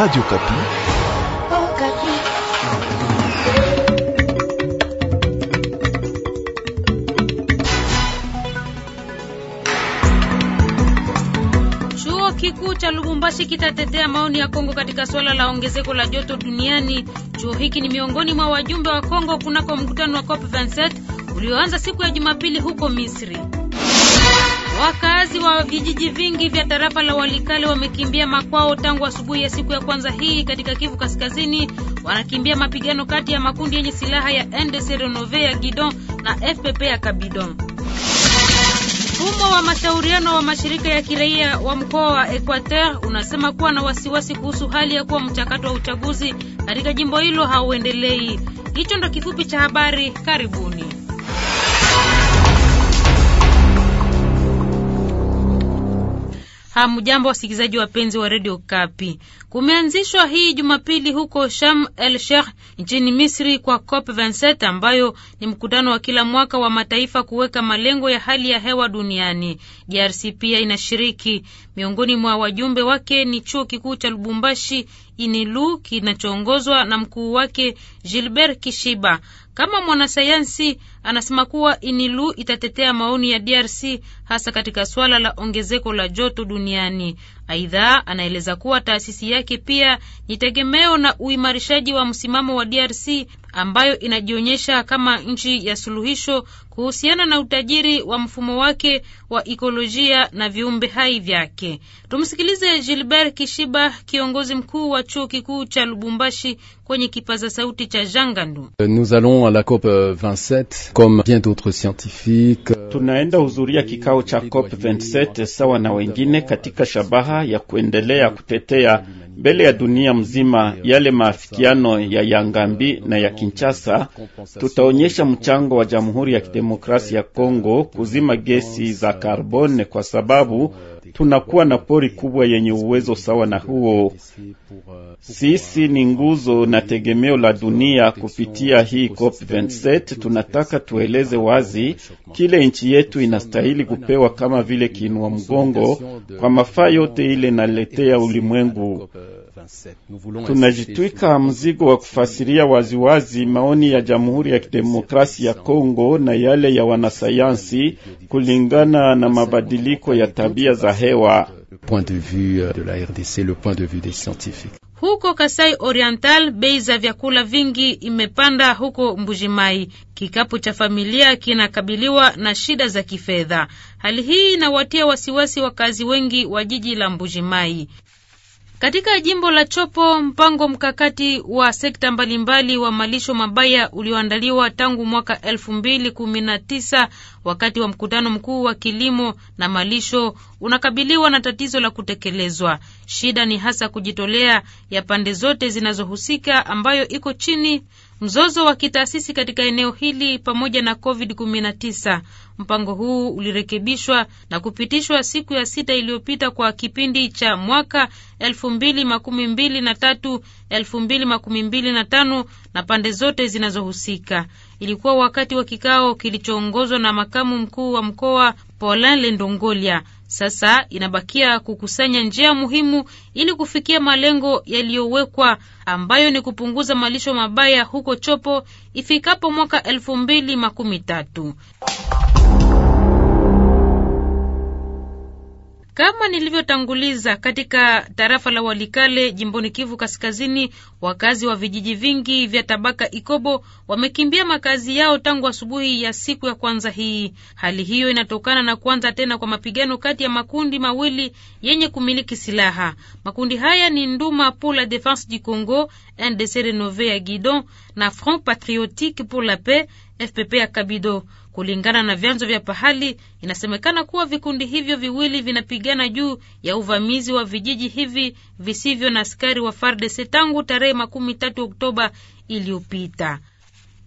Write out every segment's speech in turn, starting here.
Radio Kapi. Oh, Kapi. Chuo kikuu cha Lubumbashi kitatetea maoni ya Kongo katika swala la ongezeko la joto duniani. Chuo hiki ni miongoni mwa wajumbe wa Kongo kunako mkutano wa COP 27 ulioanza siku ya Jumapili huko Misri. Wakazi wa vijiji vingi vya tarafa la Walikale wamekimbia makwao tangu asubuhi ya siku ya kwanza hii katika Kivu Kaskazini. Wanakimbia mapigano kati ya makundi yenye silaha ya NDC Renove ya Gidon na FPP ya Kabidon. Mfumo wa mashauriano wa mashirika ya kiraia wa mkoa wa Equateur unasema kuwa na wasiwasi kuhusu hali ya kuwa mchakato wa uchaguzi katika jimbo hilo hauendelei. Hicho ndo kifupi cha habari. Karibuni. Hamjambo, wasikilizaji wapenzi wa redio Kapi. Kumeanzishwa hii Jumapili huko Sham el Sheikh nchini Misri kwa COP 27 ambayo ni mkutano wa kila mwaka wa mataifa kuweka malengo ya hali ya hewa duniani. DRC pia inashiriki. Miongoni mwa wajumbe wake ni chuo kikuu cha Lubumbashi INILU kinachoongozwa na mkuu wake Gilbert Kishiba. Kama mwanasayansi anasema kuwa INILU itatetea maoni ya DRC hasa katika swala la ongezeko la joto duniani. Aidha, anaeleza kuwa taasisi yake pia ni tegemeo na uimarishaji wa msimamo wa DRC ambayo inajionyesha kama nchi ya suluhisho kuhusiana na utajiri wa mfumo wake wa ikolojia na viumbe hai vyake. Tumsikilize Gilbert Kishiba, kiongozi mkuu wa chuo kikuu cha Lubumbashi kwenye kipaza sauti cha Jangandu. Nous allons à la COP 27 comme bien d'autres scientifiques. Tunaenda huzuria kikao cha COP 27 sawa na wengine katika shabaha ya kuendelea kutetea mbele ya dunia mzima yale maafikiano ya Yangambi na ya Kinshasa. Tutaonyesha mchango wa Jamhuri ya Kidemokrasia ya Kongo kuzima gesi za karbone kwa sababu tunakuwa na pori kubwa yenye uwezo sawa na huo. Sisi ni nguzo na tegemeo la dunia. Kupitia hii COP27 tunataka tueleze wazi kile nchi yetu inastahili kupewa kama vile kiinua mgongo kwa mafaa yote ile inaletea ulimwengu. Tunajitwika mzigo wa kufasiria waziwazi maoni ya Jamhuri ya Kidemokrasia ya Kongo na yale ya wanasayansi kulingana na mabadiliko ya tabia za hewa. Huko Kasai Oriental bei za vyakula vingi imepanda huko Mbujimai. Kikapu cha familia kinakabiliwa na shida za kifedha. Hali hii inawatia wasiwasi wakazi wengi wa jiji la Mbujimai. Katika jimbo la Chopo, mpango mkakati wa sekta mbalimbali wa malisho mabaya ulioandaliwa tangu mwaka elfu mbili kumi na tisa wakati wa mkutano mkuu wa kilimo na malisho unakabiliwa na tatizo la kutekelezwa. Shida ni hasa kujitolea ya pande zote zinazohusika ambayo iko chini mzozo wa kitaasisi katika eneo hili pamoja na COVID-19. Mpango huu ulirekebishwa na kupitishwa siku ya sita iliyopita kwa kipindi cha mwaka 2023 2025 na pande zote zinazohusika. Ilikuwa wakati wa kikao kilichoongozwa na makamu mkuu wa mkoa Paulin Lendongolia. Sasa inabakia kukusanya njia muhimu ili kufikia malengo yaliyowekwa ambayo ni kupunguza malisho mabaya huko Chopo ifikapo mwaka elfu mbili makumi tatu. Kama nilivyotanguliza katika tarafa la Walikale jimboni Kivu Kaskazini, wakazi wa vijiji vingi vya tabaka Ikobo wamekimbia makazi yao tangu asubuhi ya siku ya kwanza hii. Hali hiyo inatokana na kuanza tena kwa mapigano kati ya makundi mawili yenye kumiliki silaha. Makundi haya ni Nduma pour la Defense du Congo, NDC Renove ya Guidon na Front Patriotique pour la Paix FPP ya Kabido. Kulingana na vyanzo vya pahali, inasemekana kuwa vikundi hivyo viwili vinapigana juu ya uvamizi wa vijiji hivi visivyo na askari wa FARDC tangu tarehe makumi tatu Oktoba iliyopita.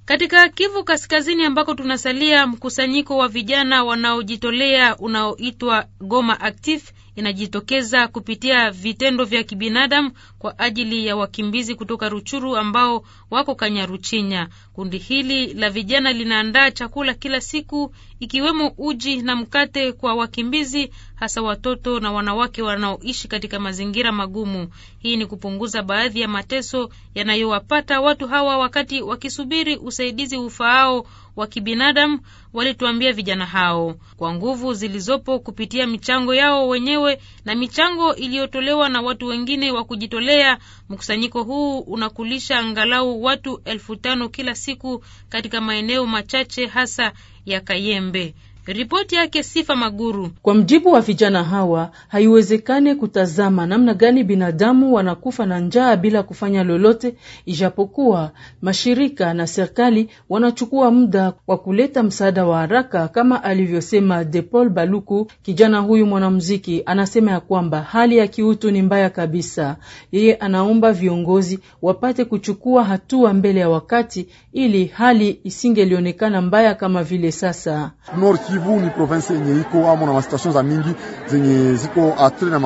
Katika Kivu Kaskazini ambako tunasalia, mkusanyiko wa vijana wanaojitolea unaoitwa Goma Active inajitokeza kupitia vitendo vya kibinadamu kwa ajili ya wakimbizi kutoka Ruchuru ambao wako Kanyaruchinya. Kundi hili la vijana linaandaa chakula kila siku, ikiwemo uji na mkate kwa wakimbizi, hasa watoto na wanawake wanaoishi katika mazingira magumu. Hii ni kupunguza baadhi ya mateso yanayowapata watu hawa wakati wakisubiri usaidizi ufaao wa kibinadamu, walituambia vijana hao, kwa nguvu zilizopo, kupitia michango yao wenyewe na michango iliyotolewa na watu wengine wa kujitolea. Mkusanyiko huu unakulisha angalau watu elfu tano kila siku katika maeneo machache hasa ya Kayembe. Ripoti yake Sifa Maguru. Kwa mjibu wa vijana hawa, haiwezekani kutazama namna gani binadamu wanakufa na njaa bila kufanya lolote, ijapokuwa mashirika na serikali wanachukua muda wa kuleta msaada wa haraka, kama alivyosema De Paul Baluku. Kijana huyu mwanamuziki anasema ya kwamba hali ya kiutu ni mbaya kabisa. Yeye anaomba viongozi wapate kuchukua hatua mbele ya wakati, ili hali isingelionekana mbaya kama vile sasa North Kivu ni province yenye iko amo na masituation za mingi zenye ziko atre na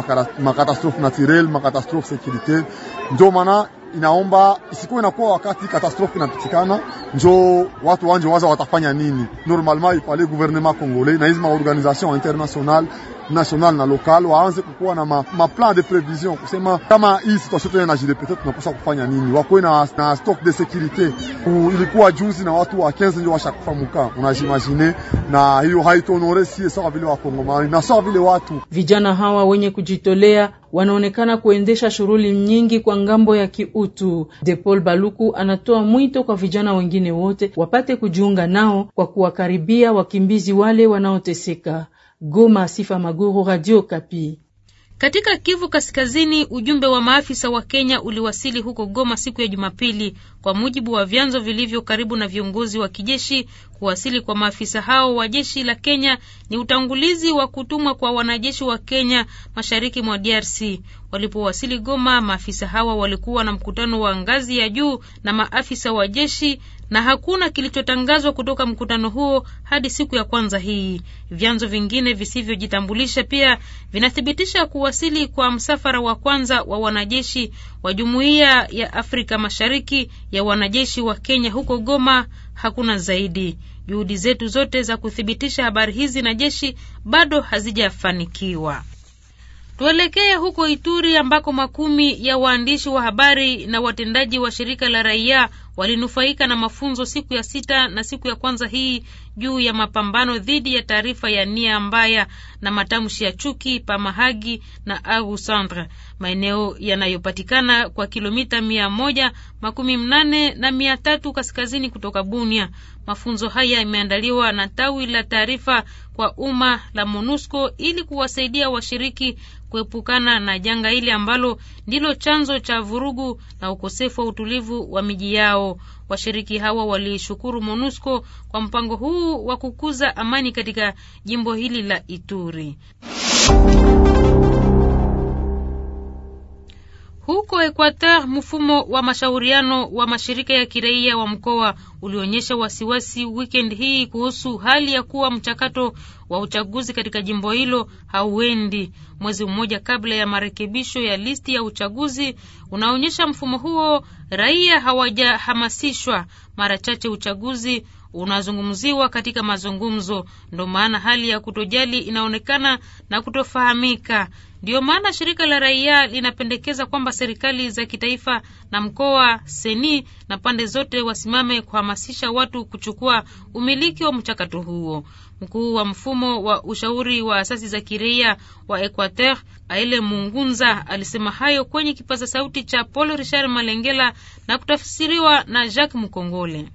makatastrofe naturel, makatastrofe securite. Ndio maana inaomba isikuwe inakuwa wakati katastrofe inapitikana, njo watu wanje waza watafanya nini. Normalement il fallait gouvernement congolais na hizi ma organisation internationale national na local waanze kukuwa na ma, ma plan de prévision kusema kama hii situation tena peut-être tunapaswa kufanya nini? Wakuwe na, na stock de sécurité. Ilikuwa juzi na watu wa 15 ndio washakufa muka, unajimagine, na hiyo haitonore sie sawa vile wakongomani na sawa vile watu vijana hawa wenye kujitolea wanaonekana kuendesha shughuli nyingi kwa ngambo ya kiutu. De Paul Baluku anatoa mwito kwa vijana wengine wote wapate kujiunga nao kwa kuwakaribia wakimbizi wale wanaoteseka. Goma. Sifa Maguru, Radio Kapi. Katika Kivu Kaskazini, ujumbe wa maafisa wa Kenya uliwasili huko Goma siku ya Jumapili, kwa mujibu wa vyanzo vilivyo karibu na viongozi wa kijeshi Kuwasili kwa maafisa hao wa jeshi la Kenya ni utangulizi wa kutumwa kwa wanajeshi wa Kenya mashariki mwa DRC. Walipowasili Goma, maafisa hawa walikuwa na mkutano wa ngazi ya juu na maafisa wa jeshi na hakuna kilichotangazwa kutoka mkutano huo hadi siku ya kwanza hii. Vyanzo vingine visivyojitambulisha pia vinathibitisha kuwasili kwa msafara wa kwanza wa wanajeshi wa Jumuiya ya Afrika Mashariki ya wanajeshi wa Kenya huko Goma hakuna zaidi. Juhudi zetu zote za kuthibitisha habari hizi na jeshi bado hazijafanikiwa. Tuelekee huko Ituri ambako makumi ya waandishi wa habari na watendaji wa shirika la raia walinufaika na mafunzo siku ya sita na siku ya kwanza hii juu ya mapambano dhidi ya taarifa ya nia mbaya na matamshi ya chuki Pamahagi na Aru sandre maeneo yanayopatikana kwa kilomita mia moja makumi mnane na mia tatu kaskazini kutoka Bunia. Mafunzo haya yameandaliwa na tawi la taarifa kwa umma la MONUSCO ili kuwasaidia washiriki kuepukana na janga hili ambalo ndilo chanzo cha vurugu na ukosefu wa utulivu wa miji yao. Washiriki hawa walishukuru MONUSCO kwa mpango huu wa kukuza amani katika jimbo hili la Ituri. Huko Equateur, mfumo wa mashauriano wa mashirika ya kiraia wa mkoa ulionyesha wasiwasi weekend hii kuhusu hali ya kuwa mchakato wa uchaguzi katika jimbo hilo hauendi. Mwezi mmoja kabla ya marekebisho ya listi ya uchaguzi unaonyesha mfumo huo, raia hawajahamasishwa. Mara chache uchaguzi unazungumziwa katika mazungumzo, ndo maana hali ya kutojali inaonekana na kutofahamika. Ndiyo maana shirika la raia linapendekeza kwamba serikali za kitaifa na mkoa seni na pande zote wasimame kuhamasisha watu kuchukua umiliki wa mchakato huo. Mkuu wa mfumo wa ushauri wa asasi za kiraia wa Equateur Aile Mungunza alisema hayo kwenye kipaza sauti cha Paul Richard Malengela na kutafsiriwa na Jacques Mkongole.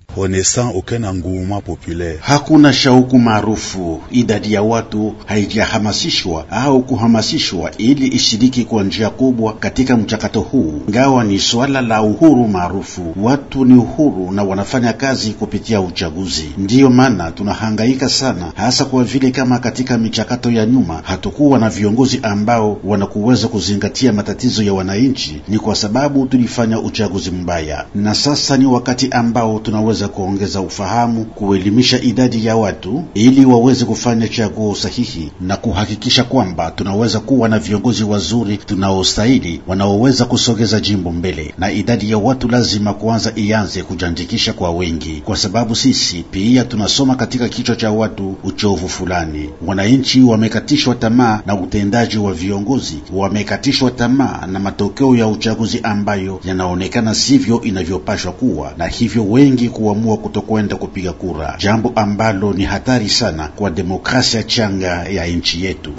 Hakuna shauku maarufu, idadi ya watu haijahamasishwa au kuhamasishwa ili ishiriki kwa njia kubwa katika mchakato huu, ingawa ni swala la uhuru maarufu. Watu ni uhuru na wanafanya kazi kupitia uchaguzi. Ndiyo maana tunahangaika sana, hasa kwa vile kama katika michakato ya nyuma hatukuwa na viongozi ambao wanakuweza kuzingatia matatizo ya wananchi, ni kwa sababu tulifanya uchaguzi mbaya, na sasa ni wakati ambao tunaweza kuongeza ufahamu, kuelimisha idadi ya watu ili waweze kufanya chaguo sahihi na kuhakikisha kwamba tunaweza kuwa na viongozi wazuri tunaostahili, wanaoweza kusogeza jimbo mbele. Na idadi ya watu lazima kuanza ianze kujiandikisha kwa wengi, kwa sababu sisi pia tunasoma katika kichwa cha watu uchovu fulani. Wananchi wamekatishwa tamaa na utendaji wa viongozi uchaguzi wamekatishwa tamaa na matokeo ya uchaguzi ambayo yanaonekana sivyo inavyopashwa kuwa, na hivyo wengi kuamua kutokwenda kupiga kura, jambo ambalo ni hatari sana kwa demokrasia changa ya nchi yetu.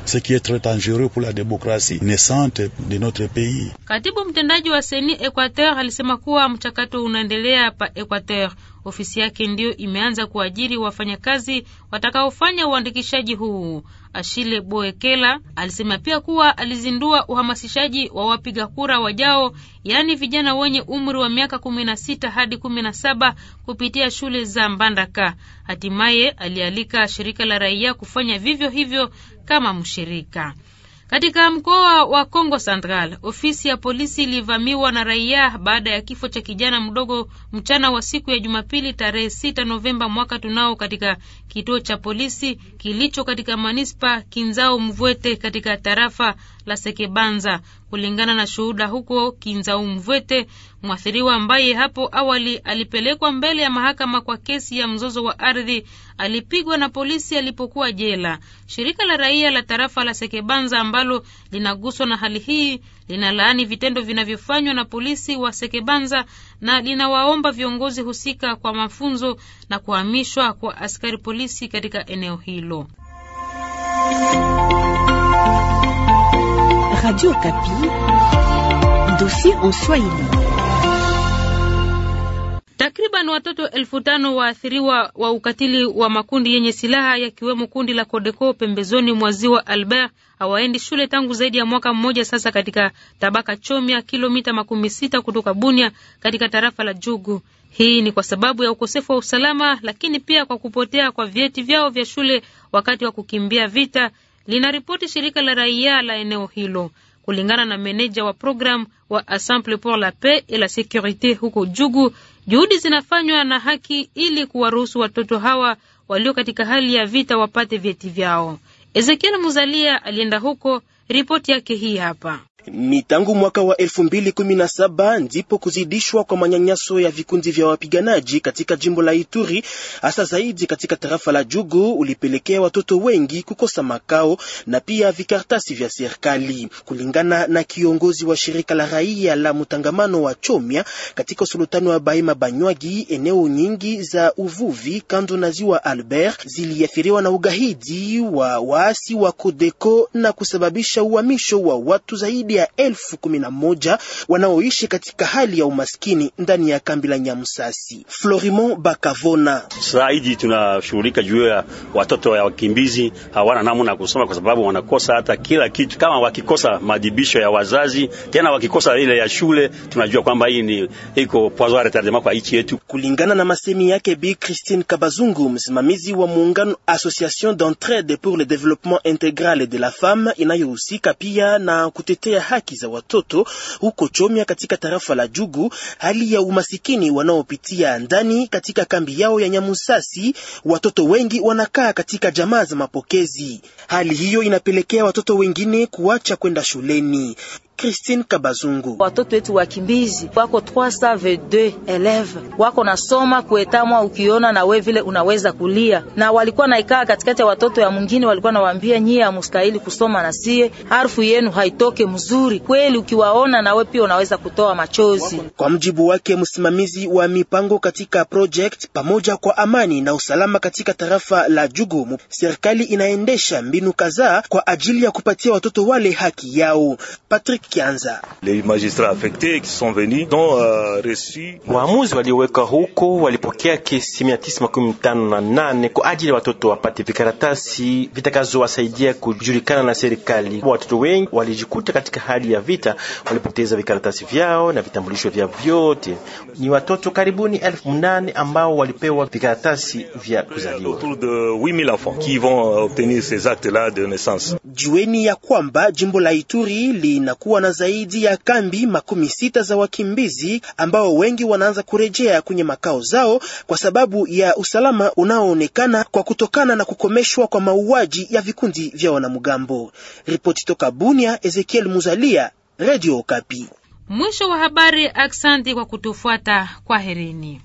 Katibu mtendaji wa Seni Equateur alisema kuwa mchakato unaendelea pa Equateur ofisi yake ndiyo imeanza kuajiri wafanyakazi watakaofanya uandikishaji huu. Ashile Boekela alisema pia kuwa alizindua uhamasishaji wa wapiga kura wajao, yaani vijana wenye umri wa miaka kumi na sita hadi kumi na saba kupitia shule za Mbandaka. Hatimaye alialika shirika la raia kufanya vivyo hivyo kama mshirika. Katika mkoa wa Kongo Central, ofisi ya polisi ilivamiwa na raia baada ya kifo cha kijana mdogo mchana wa siku ya Jumapili tarehe 6 Novemba mwaka tunao katika kituo cha polisi kilicho katika manispa Kinzao Mvwete katika tarafa la Sekebanza kulingana na shuhuda huko Kinzau Mvwete, mwathiriwa ambaye hapo awali alipelekwa mbele ya mahakama kwa kesi ya mzozo wa ardhi alipigwa na polisi alipokuwa jela. Shirika la raia la tarafa la Sekebanza ambalo linaguswa na hali hii linalaani vitendo vinavyofanywa na polisi wa Sekebanza na linawaomba viongozi husika kwa mafunzo na kuhamishwa kwa askari polisi katika eneo hilo. Radio Okapi, dossier en Swahili. Takriban watoto elfu tano waathiriwa wa ukatili wa makundi yenye silaha yakiwemo kundi la Kodeko pembezoni mwa ziwa Albert hawaendi shule tangu zaidi ya mwaka mmoja sasa katika tabaka Chomya, kilomita makumi sita kutoka Bunia katika tarafa la Jugu. Hii ni kwa sababu ya ukosefu wa usalama, lakini pia kwa kupotea kwa vyeti vyao vya shule wakati wa kukimbia vita linaripoti shirika la raia la eneo hilo. Kulingana na meneja wa program wa Assemble pour la Paix et la Securite huko Jugu, juhudi zinafanywa na haki ili kuwaruhusu watoto hawa walio katika hali ya vita wapate vyeti vyao. Ezekiel Muzalia alienda huko Ripoti yake hii hapa. Ni tangu mwaka wa 2017 ndipo kuzidishwa kwa manyanyaso ya vikundi vya wapiganaji katika jimbo la Ituri, hasa zaidi katika tarafa la Jugu, ulipelekea watoto wengi kukosa makao na pia vikartasi vya serikali. Kulingana na kiongozi wa shirika la raia la mtangamano wa chomia katika usultani wa Baima Banywagi, eneo nyingi za uvuvi kando na ziwa Albert ziliathiriwa na ugaidi wa waasi wa Kodeko na kusababisha kusababisha uhamisho wa watu zaidi ya elfu kumi na moja wanaoishi katika hali ya umaskini ndani ya kambi la Nyamusasi. Florimon Bakavona: saidi tunashughulika juu ya watoto ya wakimbizi, hawana namna ya kusoma kwa sababu wanakosa hata kila kitu. Kama wakikosa madibisho ya wazazi, tena wakikosa ile ya shule, tunajua kwamba hii ni iko pozoa retardement kwa nchi yetu. Kulingana na masemi yake Bi Christine Kabazungu, msimamizi wa muungano Association d'entraide pour le développement intégral de la femme inayo kuhusika pia na kutetea haki za watoto huko Chomya katika tarafa la Jugu, hali ya umasikini wanaopitia ndani katika kambi yao ya Nyamusasi. Watoto wengi wanakaa katika jamaa za mapokezi. Hali hiyo inapelekea watoto wengine kuacha kwenda shuleni. Christine Kabazungu. Watoto wetu wakimbizi wako 322 eleve wako nasoma kuetamwa, ukiona na we vile unaweza kulia, na walikuwa naikaa katikati ya watoto ya mwingine, walikuwa nawaambia nyie amustahili kusoma na sie, harfu yenu haitoke mzuri kweli. Ukiwaona na we pia unaweza kutoa machozi. Kwa mjibu wake msimamizi wa mipango katika project pamoja kwa amani na usalama katika tarafa la Jugumu, serikali inaendesha mbinu kadhaa kwa ajili ya kupatia watoto wale haki yao. Patrick Kianza. Les magistrats affectés qui sont venus ont euh, reçu waamuzi walioweka huko walipokea kesi 958 kwa ajili ya watoto wapate vikaratasi vitakazowasaidia kujulikana na serikali. Watoto wengi walijikuta katika hali ya vita, walipoteza vikaratasi vyao na vitambulisho vya vyote. Ni watoto karibuni elfu nane ambao walipewa vikaratasi vya kuzaliwa. Euh, Jueni ya kwamba jimbo la Ituri linakuwa kuwa na zaidi ya kambi makumi sita za wakimbizi ambao wengi wanaanza kurejea kwenye makao zao kwa sababu ya usalama unaoonekana kwa kutokana na kukomeshwa kwa mauaji ya vikundi vya wanamgambo. Ripoti toka Bunia, Ezekiel Muzalia, Radio Okapi. Mwisho wa habari. Aksanti kwa kutufuata. Kwaherini.